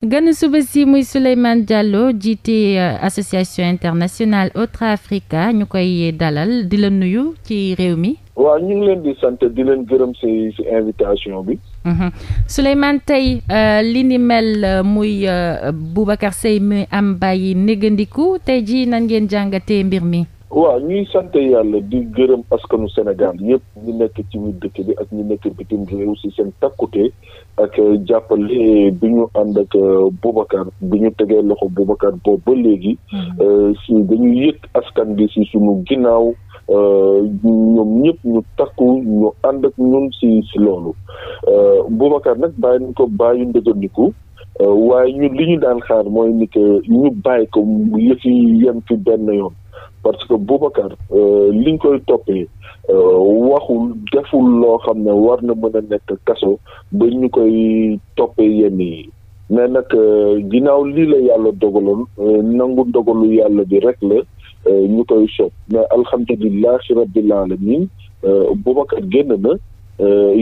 ganu suba si muy Souleymane Diallo jiite euh, association internationale Otra Africa ñu koy dalal di la nuyu ci réew mi. waaw ñu ngi leen di sant di leen gërëm si invitation bi. Mhm. Souleymane tey euh, li ni mel euh, muy Boubacar Seye mi am bàyyi négandiku tey jii nan ngeen jàngate mbir mi. waaw ñuy sant yàlla di gërëm askanu Sénégal yëpp ñu nekk ci biir dëkk bi ak ñu nekk bitim réew si seen takkute ak euh, jàppale bi ñu ànd ak euh, Boubacar bi ñu tegee loxo Boubacar boobu ba léegi mm-hmm. euh, si dañu yëg askan bi si sunu ginnaaw ñoom ñëpp ñu takku ñu ànd ak ñun si si loolu Boubacar nag bàyyi nañ ko bàyyi ndëgëndiku waaye ñu li ñu daan xaar mooy ni ñu bàyyi ko yëf yi yem fi benn yoon parce que Boubacar euh, liñ koy toppee euh, waxul deful loo xam ne war na mën a nekk kaso ba ñu koy toppee yenn yi mais nag euh, ginnaaw lii la yàlla dogaloon nangu dogalu yàlla bi rek la ñu koy sopp mais alhamdulilahi rabbil alamin Boubacar génn na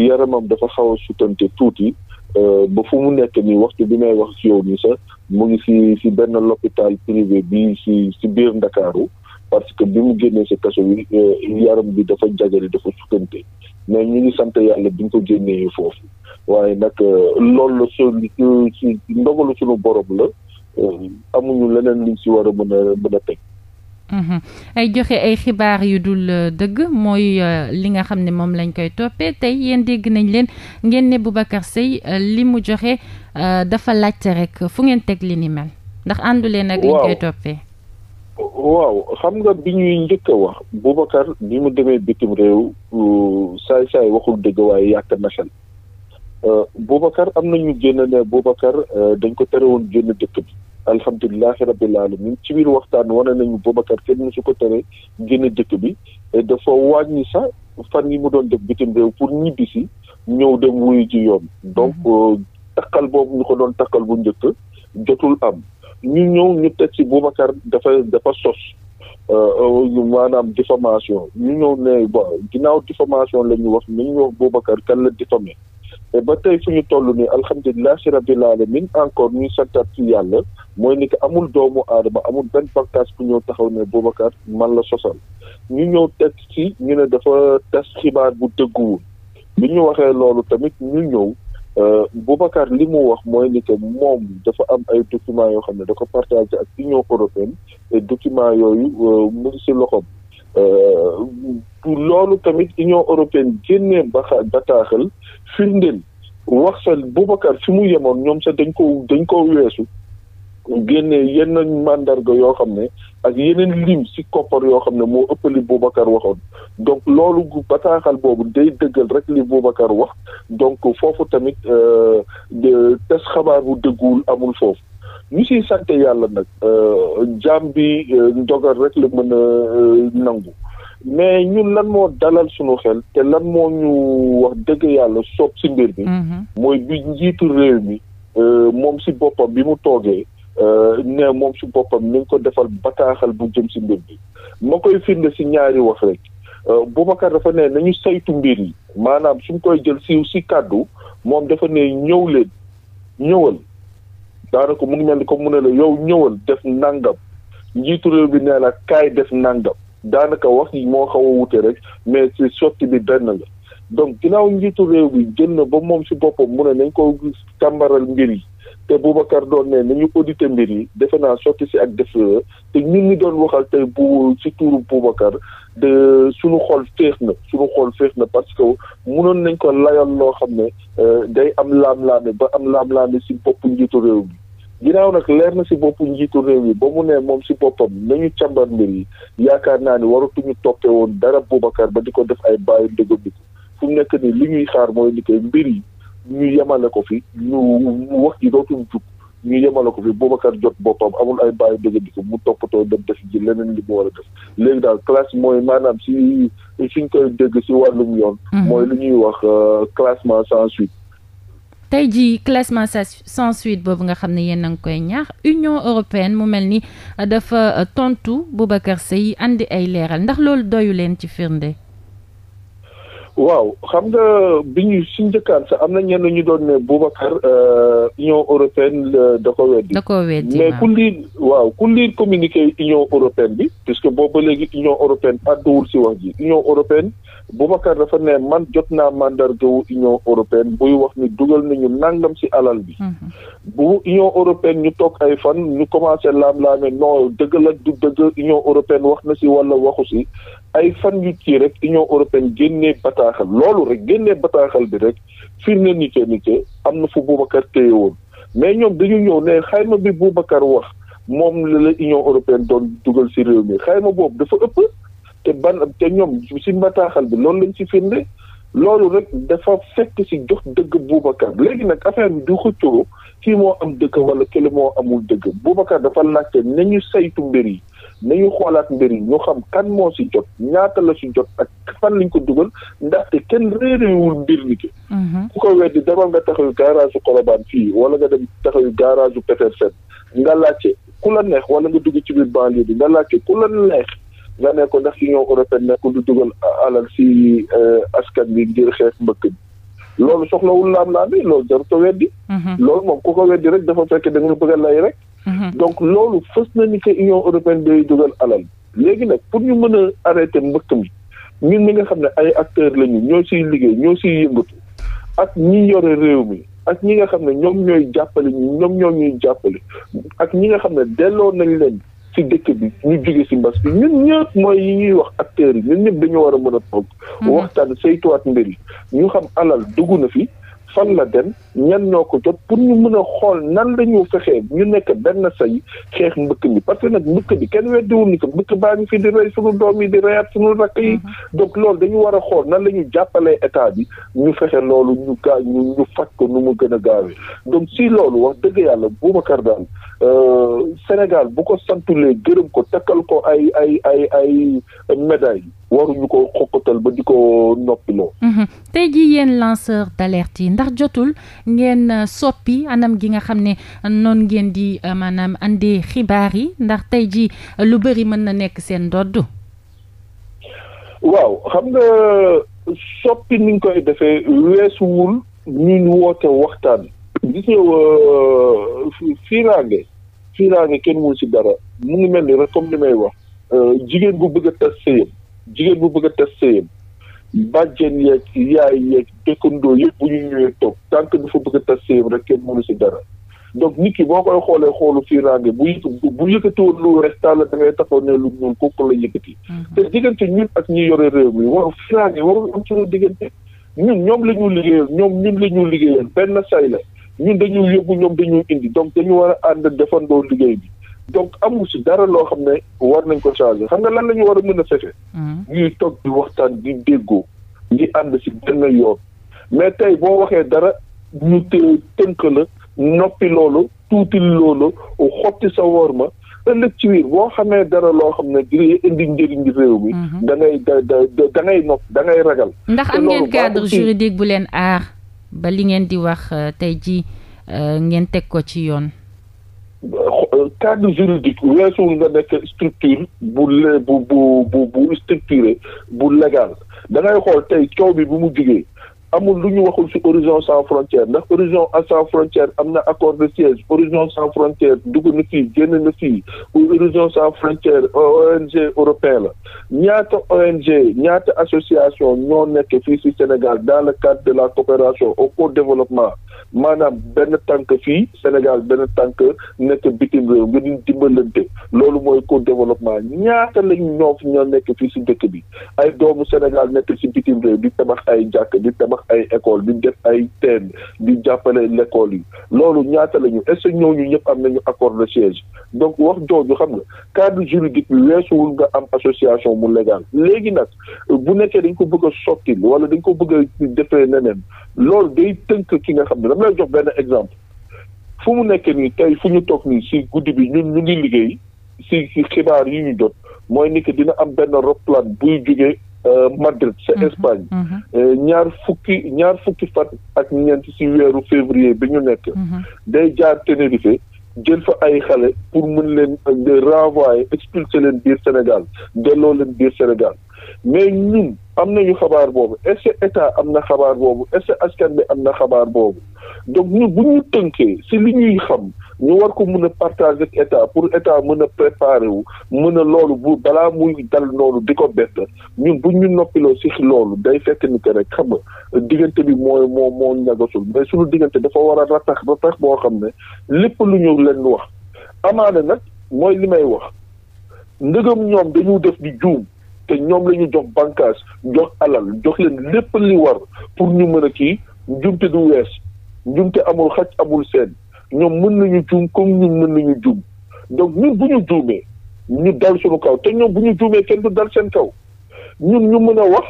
yaramam dafa xaw a sutante tuuti ba fu mu nekk nii waxtu bi may wax si yow nii sax mu ngi ci ci benn l'hôpital privé bi ci ci biir Ndakaaru parce que bi mu génnee si kaso bi euh, yaram bi dafa jagari dafa sukkante mais ñu ngi sant yàlla bi ñu ko génnee foofu waaye nag euh, loolu la si euh, ndogalu suñu borom la amuñu leneen liñ si war a mën a mën a teg mhm. ay joxe ay xibaar yu dul dëgg mooy li nga xam ne moom lañ koy toppee tey yéen dégg nañ leen ngeen ne Boubacar Seye li mu joxe dafa laajte rek fu ngeen teg li ni mel ndax àndu leen ak liñ koy toppee waaw xam nga bi ñuy njëkk a wax Boubacar bi mu demee bitim réew saay-saay waxul dëgg waaye yàq nasal euh, Boubacar am na ñu génn ne Boubacar euh, dañ ko tere woon génn dëkk bi alhamdulilahi rabbil alamin ci biir waxtaan wane nañu Boubacar kenn mësu ko tere génn dëkk bi dafa wàññi sax fan yi mu doon def bitim réew pour ñibbi si ñëw dem wuyu ji yoon donc mhm. euh, takkal boobu ñu ko doon takkal bu njëkk jotul am ñu ñëw ñu teg ci Boubacar dafa dafa sos euh, euh, maanaam diffamation ñu ñëw ne bon ginnaaw diffamation la ñu wax ni ñu wax Boubacar kan la diffamé et ba tey fu ñu toll nii alhamdulilah si rabbil alamin encore ñuy santaat ci yàlla mooy ni que amul doomu aadama amul benn bànqaas bu ñëw taxaw ne Boubacar man la sosal ñu ñëw teg ci ñu ne dafa tas xibaar bu dëgguwul bi ñu waxee loolu tamit ñu ñëw. Euh, Boubacar li mu wax mooy ni que moom dafa am ay documents yoo xam ne da ko partagé ak Union européenne et yooyu euh, mu ngi si loxoom euh, loolu tamit Union européenne génnee baxa fir firndeel wax sa Boubacar fi mu yemoon ñoom sax dañ ko dañ ko weesu génne yenn mandarga yoo xam ne ak yeneen lim si koppar yoo xam ne moo ëpp li Boubacar waxoon donc loolu gu bataaxal boobu day dëggal rek li Boubacar wax donc foofu tamit euh, tes xabaar bu dëgguwul amul foofu ñu siy sant yàlla nag euh, jaam bi euh, ndogal rek la mën a nangu mais ñun lan moo dalal suñu xel te lan moo ñu wax dëgg yàlla soob si mbir bi mm-hmm. mooy bi njiitu réew mi moom si boppam bi mu toogee Euh, ne moom si boppam ni nga ko defal bataaxal bu jëm si mbir bi ma koy firnde si ñaari wax rek euh, Boubacar dafa ne nañu saytu mbir yi maanaam suñ koy jël siiw si kàddu moom dafa ne ñëw leen ñëwal daanaka mu ngi mel ni comme mu ne la yow ñëwal def nangam njiitu réew bi nee la kaay def nangam daanaka wax yi moo xaw a wute rek mais si sotti bi benn la donc ginnaaw njiitu réew bi jël na ba moom si boppam mu ne nañ ko càmbaral mbir yi te Boubacar doon ne nañu auditer mbir yi defe naa sotti si ak def euh, te ñun ñi doon waxal tey bu si tuuru Boubacar de suñu xool féex na suñu xool féex na parce que munoon nañ ko layal loo xam ne euh, day am laam-laame ba am laam-laame si bopp njiitu réew nag leer na si boppu njiitu réew yi ba mu ne moom si boppam nañu càmbar mbir yi yaakaar naa ni waratuñu toppee woon dara Boubacar ba di ko def ay bàyyi ndëgëm fu mu nekk ni li ñuy xaar mooy ni koy mbir yi ñu yemale ko fi ñu wax ji dootul jub ñu yemale ko fi Boubacar jot boppam amul ay bàyyi dëgg di ko mu toppatoo dem def ji leneen li mu war a def mooy maanaam si suñ koy dégg si wàllum yoon. Mhm. mooy lu ñuy wax euh, classement sans suite. tey jii classement sans suite boobu nga xam ne yéen a ngi koy ñaax Union européenne mu mel ni dafa tontu Boubacar Sèye indi ay leeral ndax loolu doyu leen ci firnde. waaw xam nga bi ñu si njëkkaan sax am na ñenn ñu doon ne Boubacar euh, Union européenne euh, da ko weddi da ko weddi mais ku liir waaw ku liir communiqué Union européenne bi puisque boobu léegi Union européenne àdduwul si wax ji Union européenne Boubacar dafa ne man jot naa mandarga wu Union européenne buy wax ni dugal nañu nangam si alal bi. Mhm. bu Union européenne ñu toog ay fan ñu commencé laam-laame non dëgg la du dëgg Union européenne wax na si walla waxu si ay fan yu ci rek Union européenne génnee bataaxal loolu rek génnee bataaxal bi rek firnde ni que ni que am na fu Boubacar téye woon mais ñoom dañu ñëw ne xayma bi Boubacar wax moom la Union européenne doon dugal ci réew mi xayma boobu dafa ëpp te ban te ñoom ci bataaxal bi loolu lañ ci firnde loolu rek dafa fekk ci jox dëgg Boubacar léegi nag affaire bi du kii moo am dëgg wala kële moo amul dëgg Boubacar dafa laajte nañu saytu mbir yi nañu xoolaat mbir yi ñu xam kan moo si jot ñaata la si jot ak fan lañ ko dugal ndaxte kenn réeréewul mbir mi ki mhm. ku ko weddi demal nga taxawu garage Colobane fii wala nga dem taxawu garage Petersen nga laajte ku la neex wala nga dugg ci biir banlieue bi nga laajte ku la neex nga ne ko ndax Union européenne nekkul du dugal alal si euh, askan bi ngir xeex mbëkk bi loolu soxlawul laam-laam yi loolu jarut a weddi. Mhm. loolu moom ku ko weddi rek dafa fekk da nga bëgg a lay rek. Mhm. donc loolu fës na ni que union européenne day dugal alal. léegi nag pour ñu mën a arrêter mbëkk mi ñun mi nga xam ne ay acteurs lañu ñëw ciy liggéey ñoo si yëngatu ak ñi yore réew mi ak ñi nga xam ne ñoom ñooy jàppale ñoom ñoom ñoo ñuy jàppale ak ñi nga xam ne delloo nañ leen ci dëkk bi ñu jóge ci mbas bi ñun ñëpp mooy yi ñuy wax acteurs yi ñun ñëpp dañu war a mën a toog mhm. waxtaan saytuwaat mbir yi ñu xam alal dugg na fi fan la dem ñan ñoo ko jot pour ñu mën a xool nan la ñu fexee ñu nekk benn say xeex mbëkk mi parce que nag mbëkk bi kenn weddiwul ni ko mbëkk baa ngi fi di rey suñu doom yi di reyaat suñu rakk yi mhm. donc loolu dañu war a xool nan la ñu jàppalee état bi ñu fexe loolu ñu gaañ ñu faj ko nu mu gën a gaawee donc si loolu wax dëgg yàlla Boubacar daal Euh, Sénégal bu ko santulee gërëm ko takkal ko ay ay ay ay médailles waruñu ko xokkatal ba di ko noppiloo. Mhm. tey jii yéen lanceur d'alerte yi ndax jotul ngeen euh, soppi anam gi nga xam ne noon ngeen di euh, maanaam andi xibaar yi ndax tey jii lu bari mën na nekk seen ndodd. waaw xam nga soppi niñ koy defee weesuwul ñu woote waxtaan. gis nga euh, fiiraange fiiraange kenn mënu si dara mu ngi mel ni rek comme li may wax euh, jigéen bu bëgg a tas sëyam jigéen bu bëgg a tas sëyam bàjjen yeeg yaay yeeg dëkkandoo yëpp bu ñu ñëwee toog tant du dafa bëgg a tas sëyam rek kenn mënu si dara donc nit ki boo koy xoolee xoolu fiiraange bu yë bu yëkkatiwoon lu restant la da ngay taxaw ne lu ñuul kooku la yëkkati. Mhm. te diggante ñun ak ñu yore réew mi waru fiiraange waru am suñu diggante ñun ñoom la ñu liggéeyal ñoom ñun la ñu liggéeyal benn say la. ñun dañuy yóbbu ñoom dañuy indi donc dañu war a ànd defandoo liggéey bi donc amul si dara loo xam ne war nañ ko changer xam nga lan la ñu war a mën a fexe. Hmm. ñuy toog di waxtaan di déggoo di ànd si benn yoon mais tey boo waxee dara ñu te tënk la noppi loolu tuuti loolu xotti sa woor ma ëllëg ci biir boo xamee dara loo xam ne di indi njëriñ di réew mi. Hmm. da ngay da da da ngay nopp da ragal. ndax am ngeen cadre juridique bu leen aar. ba li ngeen di wax euh, tey ji euh, ngeen teg ko ci yoon euh, cadre juridique weesuwul nga nekk structure bu bu bu bu structuré bu légal da xool tey coow bi bu mu jugee amul lu ñu waxul ci horizon sans frontière ndax horizon sans frontière am na accord de siège horizon sans frontière dugg na fii génn na fii horizon sans frontière ONG européen la ñaata ONG ñaata association ñoo nekk fii ci Sénégal dans le cadre de la coopération au co-développement maanaam benn tànk fii Sénégal benn tànk nekk bitim réew ngir ñu dimbalante loolu mooy ko développement ñaata lañ ñoo ñoo nekk fii si dëkk bi ay doomu Sénégal nekk si bitim réew di tabax ay jàkk di tabax ay école di def ay teen di jàppale l'école yi loolu ñaata lañu est ce que ñooñu ñëpp am nañu accord de siège donc wax jooju xam nga cadre juridique bi weesuwul nga am association mu légal léegi nag bu nekkee dañ ko bëgg a sotti wala dañ ko bëgg a defee lay jox benn exemple fu mu nekk nii tey fu ñu toog nii si guddi bi ñu ngi liggéey si si xibaar yi ñu jot mooy ni que dina am benn roplaan buy jógee euh, Madrid ca mhm. Espagne. Mhm. Euh, ñaar fukki ñaar fukki fan ak ñeent si weeru février bi ñu nekk. Mhm. day jaar Tenerife jël fa ay xale pour mën leen euh, renvoyer expulser leen biir Sénégal delloo leen biir Sénégal. mais ñun am nañu xabaar boobu est ce que am na xabaar boobu est askan bi am na xabaar boobu donc ñun bu ñu tënkee si li ñuy xam ñu war ko mën a partager ak état pour état mën a préparer wu mën a loolu bu balaa muy dal noonu di ko bett ñun bu ñu noppiloo si loolu day fekk ni que rek xam nga diggante bi mooy moo moo ñagasul mais suñu diggante dafa war a ratax ratax boo xam ne lépp lu ñu leen wax amaana nag mooy li may wax ndëgam ñoom dañu def di juum. te ñoom la ñu jox bànkaas jox alal jox leen lépp li war pour ñu mën a kii njumte du wees njumte amul xaj amul seen ñoom mën nañu juum comme ñun mën nañu juum donc ñun bu ñu juumee ñu dal suñu kaw te ñoom bu ñu juumee kenn du dal seen kaw ñun ñu mën a wax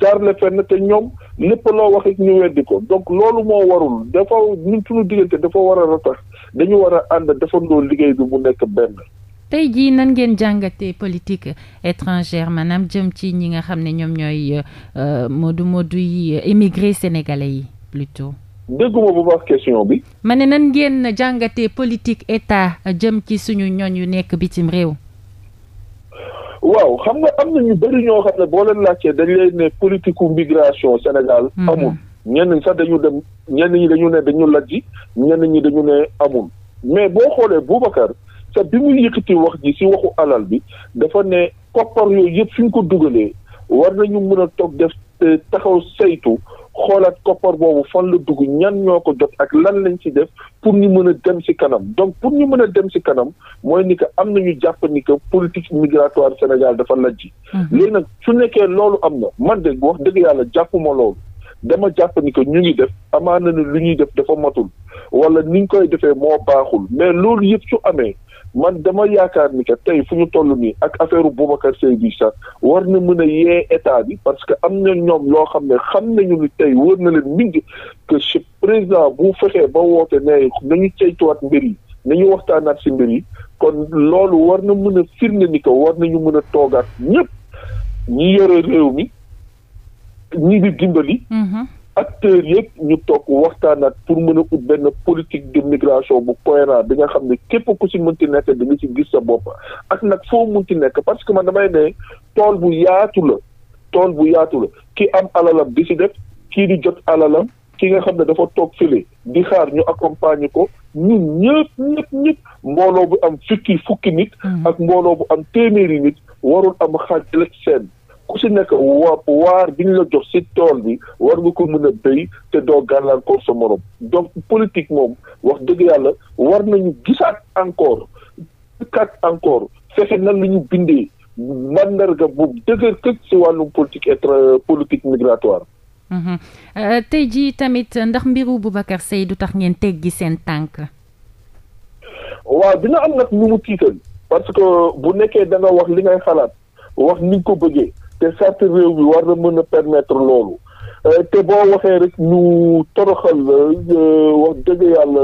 jaarle fenn te ñoom lépp loo wax ak ñu weddi ko donc loolu moo warul dafa ñun suñu diggante dafa war a ratax dañu war a ànd defandoo liggéey bi mu nekk benn tey jii nan ngeen jàngatee politique étrangère maanaam jëm ci ñi nga xam ne ñoom ñooy euh, moodu moodu yi émigré sénégalais yi plutôt. dégguma bu baax question bi. ma ne nan ngeen jàngatee politique état jëm ci suñu ñoñ yu nekk bitim réew. waaw xam nga am na ñu bëri ñoo xam ne boo leen laajtee dañ leen ne politique migration Sénégal. Mm-hmm. amul ñenn ñi sax dañu dem ñenn ñi dañu ne dañu lajji ñenn ñi dañu ne amul mais boo xoolee Boubacar. te bi muy yëkkati wax ji si waxu alal bi dafa ne koppar yooyu yëpp fi ñu ko dugalee war nañu mën a toog def euh, taxaw saytu xoolaat koppar boobu fan la dugg ñan ñoo ko jot ak lan lañ ci def pour ñu mën a dem ci kanam donc pour ñu mën a dem ci kanam mooy ni que am nañu jàpp ni que politique migratoire Sénégal dafa lajji mhm. léegi nag su nekkee loolu am na man de wax dëgg yàlla jàppuma loolu dama jàpp ñu ngi def amaana ne lu ñuy def dafa matul wala ni koy defee moo baaxul mais loolu yëpp su amee man dama yaakaar ni que tey fu ñu toll nii ak affaire Boubacar Seye bi sax war na mën a yee état bi parce que am na ñoom loo xam ne xam nañu ni tey wër na leen mingi que ce président bu fexee ba woote ñu nañu ceytuwaat mbir yi ñu waxtaanaat si mbir yi kon loolu war na mën a firnde ni ko war nañu mën a toogaat ñëpp ñi yore réew mi ñi dimbali. Mm-hmm. acteurs yëpp ñu toog waxtaan waxtaanaat pour mën a ut benn politique de migration bu cohérent bi nga xam ne képp ku si mënti nekk di nga ci gis sa bopp ak nag foo mënti nekk parce que man damay ne tool bu yaatu la tool bu yaatu la ki am alalam di si def kii di jot alalam ki nga xam ne dafa toog fële di xaar ñu accompagner ko ñu ñëpp ñëpp ñëpp mbooloo bu am fukki fukki nit. Mm-hmm. ak mbooloo bu am téeméeri nit warul am xaaj ëllëg seen. ku si nekk wa waar bi ñu la jox si tool bi war nga ko mën a béy te doo gàllankoor sa morom donc politique moom wax dëgg yàlla war nañu gisaat encore gisaat encore fexe na lu ñu bindee mandarga boobu dëgër këj si wàllum politique et politique migratoire. Mhm. Euh, tey jii tamit ndax mbiru Boubacar Seye du tax ngeen teg teggi seen tànk. waaw dina am nag ñu mu tiital parce que bu nekkee da wax li ngay xalaat wax ni nga ko bëggee. te charte réew bi war na mën a permettre loolu euh, te boo waxee rek ñu toroxal la euh, wax dëgg yàlla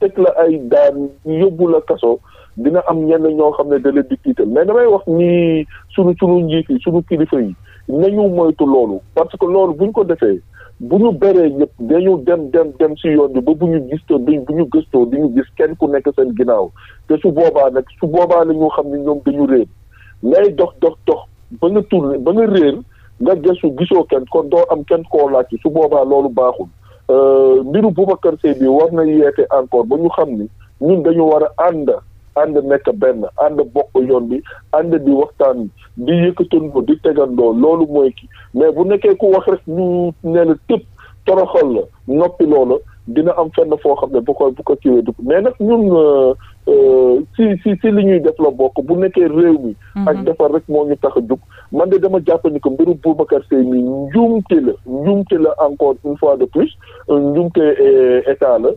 teg la ay daan yóbbu la kaso dina am ñenn ñoo xam ne da leen di mais damay wax nii sunu sunu njiit yi sunu kilifa yi nañu moytu loolu parce que loolu buñ ko defee bu ñu bëree ñëpp dañu dem dem dem si yoon bi ba bu ñu gistoo duñ bu ñu gëstoo duñu gis kenn ku nekk seen ginnaaw te su boobaa nag su boobaa la ñoo xam ne ñoom dañu réer lay dox dox dox ba nga tourné ba nga réer nga gëstu gisoo kenn kon doo am kenn koo laaj su boobaa loolu baaxul euh, mbiru bu Boubacar Seye bii war na yeete encore ba ñu xam ni ñun dañu war a ànd ànd nekk benn ànd bokk yoon bi ànd bi waxtaan di yëkkatandoo di tegandoo loolu mooy kii mais bu nekkee ku wax rek ñu ne la tëb toroxal la noppi loola dina am fenn foo xam ne bu ko bu ko kiiwee mais nag ñun euh, Euh, si si si li ñuy def la bokk bu nekkee réew mi. Mhm. ak defar rek moo ñu tax a jug. man de dama jàpp ni que mbiru Boubacar Seye mi njuumte la njuumte la encore une fois de plus euh, njuumte euh, état la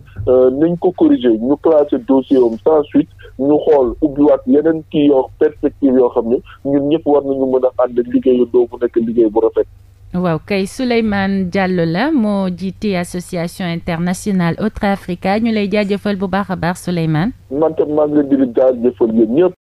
nañ ko corriger ñu classé dossier am sans suite ñu xool ubbiwaat yeneen kii yoo perspective yoo xam ne ñun ñëpp war nañu mën a ànd liggéey doo bu nekk liggéey bu rafet. waaw kay Souleymane Diallo la moo jiite association internationale Otra-Africa ñu lay jaajëfal bu baax a baax Souleymane. man tam maa ngi leen di jaajëfal yéen ñëpp.